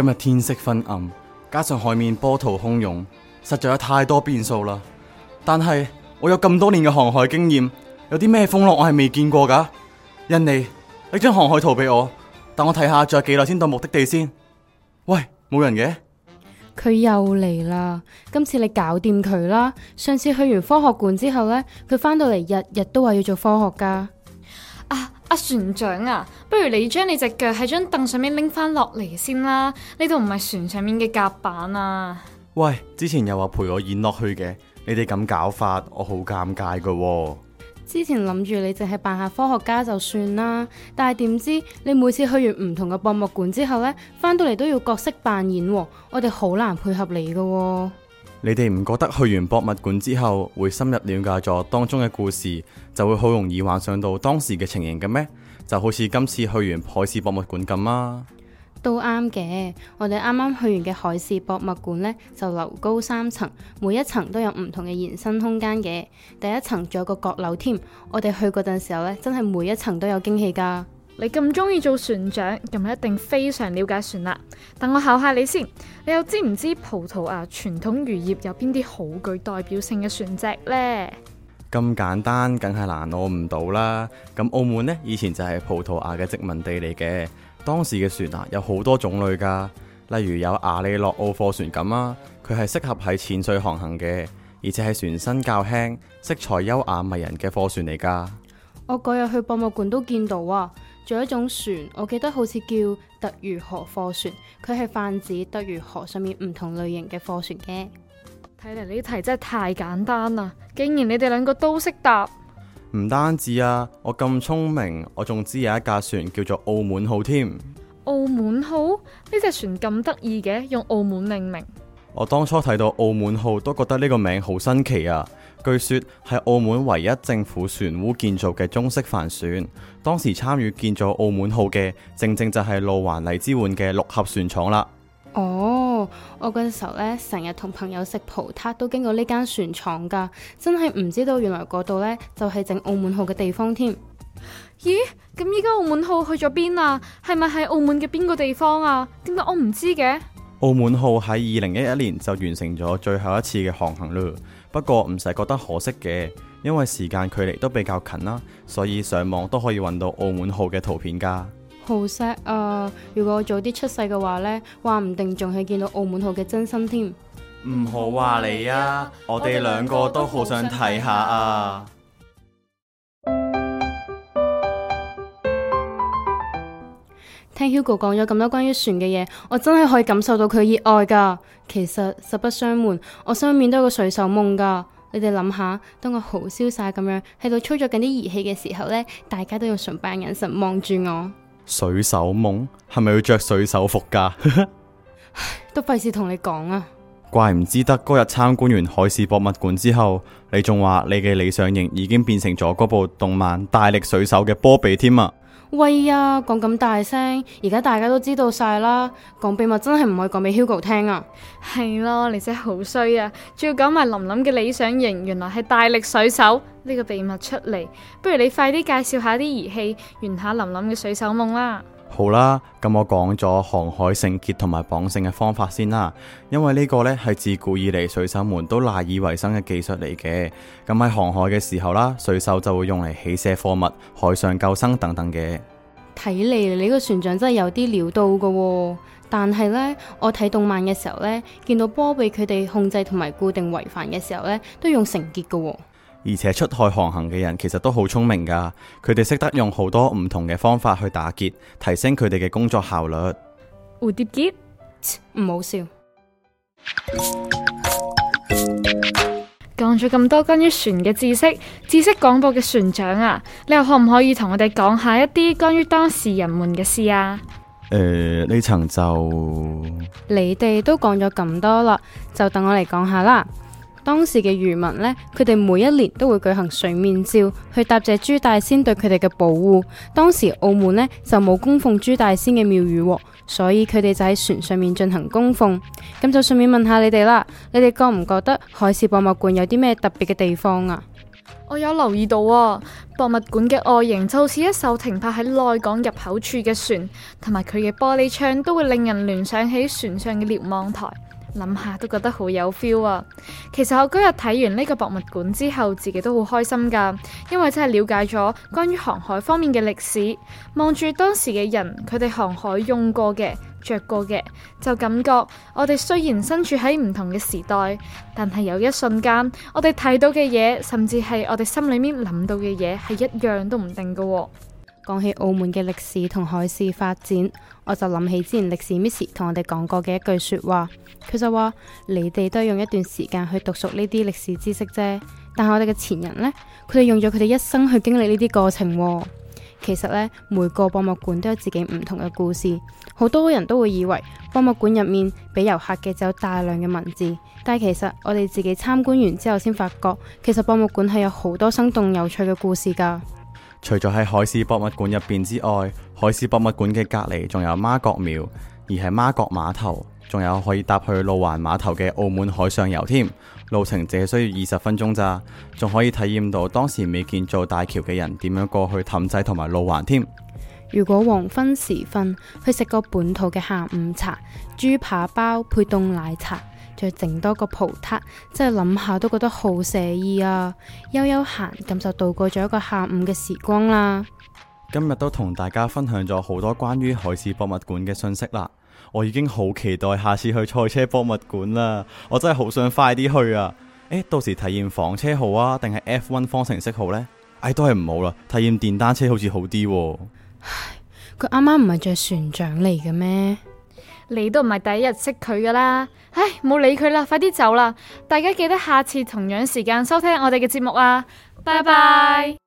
今日天，天色昏暗，加上海面波濤洶湧，實在有太多變數啦。但係我有咁多年嘅航海經驗，有啲咩風浪我係未見過噶？印尼，你將航海圖俾我，等我睇下仲有幾耐先到目的地先。喂，冇人嘅？佢又嚟啦！今次你搞掂佢啦。上次去完科學館之後呢，佢返到嚟日日都話要做科學家。阿、啊、船長啊，不如你將你隻腳喺張凳上面拎翻落嚟先啦，呢度唔係船上面嘅甲板啊！喂，之前又話陪我演落去嘅，你哋咁搞法，我好尷尬噶、哦！之前諗住你淨係扮下科學家就算啦，但係點知你每次去完唔同嘅博物館之後呢，翻到嚟都要角色扮演、哦，我哋好難配合你噶、哦。你哋唔覺得去完博物館之後會深入了解咗當中嘅故事，就會好容易幻想到當時嘅情形嘅咩？就好似今次去完海事博物館咁啊，都啱嘅。我哋啱啱去完嘅海事博物館呢，就樓高三層，每一層都有唔同嘅延伸空間嘅。第一層仲有個閣樓添，我哋去嗰陣時候呢，真係每一層都有驚喜噶。你咁中意做船長，咁一定非常了解船啦。等我考下你先，你又知唔知葡萄牙傳統漁業有邊啲好具代表性嘅船隻呢？咁簡單，梗係難攞唔到啦。咁澳門呢，以前就係葡萄牙嘅殖民地嚟嘅。當時嘅船啊，有好多種類噶，例如有亞利洛澳貨船咁啊，佢係適合喺淺水航行嘅，而且係船身較輕、色彩優雅迷人嘅貨船嚟噶。我嗰日去博物館都見到啊。仲有一種船，我記得好似叫特茹河貨船，佢係泛指特茹河上面唔同類型嘅貨船嘅。睇嚟呢題真係太簡單啦，竟然你哋兩個都識答。唔單止啊，我咁聰明，我仲知有一架船叫做澳門號添。澳門號？呢隻船咁得意嘅，用澳門命名。我當初睇到澳門號，都覺得呢個名好新奇啊。據說係澳門唯一政府船塢建造嘅中式帆船，當時參與建造澳門號嘅，正正就係路環荔枝碗嘅六合船廠啦。哦，我嗰陣時候咧成日同朋友食葡撻，都經過呢間船廠噶，真係唔知道原來嗰度呢就係整澳門號嘅地方添。咦，咁依家澳門號去咗邊啊？係咪喺澳門嘅邊個地方啊？點解我唔知嘅？澳門號喺二零一一年就完成咗最後一次嘅航行嘞，不過唔使覺得可惜嘅，因為時間距離都比較近啦，所以上網都可以揾到澳門號嘅圖片噶。好錫啊！如果我早啲出世嘅話呢，話唔定仲係見到澳門號嘅真身添。唔好話你啊，我哋兩個都好想睇下啊！聽 Hugo 講咗咁多關於船嘅嘢，我真係可以感受到佢熱愛噶其實實不相瞞，我心入面都有個水手夢噶你哋諗下，當我好瀟灑咁樣喺度操作緊啲儀器嘅時候呢，大家都用崇拜眼神望住我。水手夢係咪要着水手服？噶 都費事同你講啊！怪唔知得，嗰日參觀完海事博物館之後，你仲話你嘅理想型已經變成咗嗰部動漫《大力水手》嘅波比添啊！喂呀，講咁大聲，而家大家都知道晒啦。講秘密真係唔可以講俾 Hugo 聽啊。係 咯，你真係好衰啊。仲要講埋琳琳嘅理想型，原來係大力水手呢個秘密出嚟。不如你快啲介紹下啲儀器，圓下琳琳嘅水手夢啦。好啦，咁我講咗航海繩結同埋綁繩嘅方法先啦，因為呢個呢係自古以嚟水手們都賴以為生嘅技術嚟嘅。咁喺航海嘅時候啦，水手就會用嚟起卸貨物、海上救生等等嘅。睇嚟你個船長真係有啲料到㗎喎，但係呢，我睇動漫嘅時候呢，見到波被佢哋控制同埋固定圍帆嘅時候呢，都用繩結㗎喎。而且出海航行嘅人其實都好聰明噶，佢哋識得用好多唔同嘅方法去打結，提升佢哋嘅工作效率。蝴蝶結，唔好笑。講咗咁多關於船嘅知識，知識廣播嘅船長啊，你又可唔可以同我哋講下一啲關於當時人們嘅事啊？誒、欸，呢層就你哋都講咗咁多啦，就等我嚟講下啦。當時嘅漁民呢，佢哋每一年都會舉行水面照去答謝朱大仙對佢哋嘅保護。當時澳門呢，就冇供奉朱大仙嘅廟宇，所以佢哋就喺船上面進行供奉。咁就順便問問下你哋啦，你哋覺唔覺得海事博物館有啲咩特別嘅地方啊？我有留意到啊，博物館嘅外形就似一艘停泊喺內港入口處嘅船，同埋佢嘅玻璃窗都會令人聯想起船上嘅瞭望台。諗下都覺得好有 feel 啊！其實我今日睇完呢個博物館之後，自己都好開心噶，因為真係了解咗關於航海方面嘅歷史。望住當時嘅人，佢哋航海用過嘅，着過嘅，就感覺我哋雖然身處喺唔同嘅時代，但係有一瞬間，我哋睇到嘅嘢，甚至係我哋心裏面諗到嘅嘢，係一樣都唔定噶喎。講起澳門嘅歷史同海事發展，我就諗起之前歷史 Miss 同我哋講過嘅一句說話，佢就話：你哋都係用一段時間去讀熟呢啲歷史知識啫，但係我哋嘅前人呢，佢哋用咗佢哋一生去經歷呢啲過程。其實呢，每個博物館都有自己唔同嘅故事。好多人都會以為博物館入面俾遊客嘅就有大量嘅文字，但係其實我哋自己參觀完之後先發覺，其實博物館係有好多生動有趣嘅故事噶。除咗喺海事博物館入邊之外，海事博物館嘅隔籬仲有媽閣廟，而係媽閣碼頭，仲有可以搭去路環碼頭嘅澳門海上遊添，路程只需要二十分鐘咋，仲可以體驗到當時未建造大橋嘅人點樣過去氹仔同埋路環添。如果黃昏時分去食個本土嘅下午茶，豬扒包配凍奶茶。再整多個葡撻，真係諗下都覺得好寫意啊，悠悠閒咁就度過咗一個下午嘅時光啦。今日都同大家分享咗好多關於海事博物館嘅信息啦，我已經好期待下次去賽車博物館啦，我真係好想快啲去啊！誒、欸，到時體驗房車好啊，定係 F1 方程式好呢？唉、哎，都係唔好啦，體驗電單車好似好啲啊。唉，佢啱啱唔係着船長嚟嘅咩？你都唔係第一日識佢㗎啦，唉，冇理佢啦，快啲走啦！大家記得下次同樣時間收聽我哋嘅節目啊，拜拜。